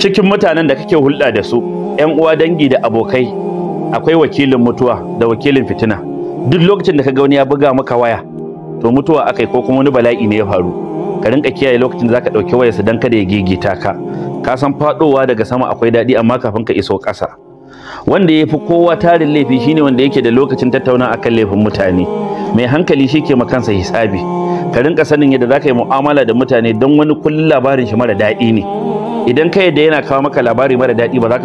cikin mutanen da kake hulɗa da su ‘yan uwa dangi da abokai akwai wakilin mutuwa da wakilin fitina duk lokacin da kaga wani ya buga maka waya to mutuwa akai ko kuma wani bala'i ne ya faru ka rinka kiyaye lokacin da zaka ɗauki wayarsa don kada ya gigita ka ka san faɗowa daga sama akwai daɗi amma kafin ka iso ƙasa wanda ya fi kowa tarin laifi shine wanda yake da lokacin tattauna akan laifin mutane mai hankali shi ke makansa hisabi ka rinka sanin yadda za ka yi mu'amala da mutane don wani kullum labarin shi mara daɗi ne idan ka yadda yana kawo maka labari mara daɗi ba za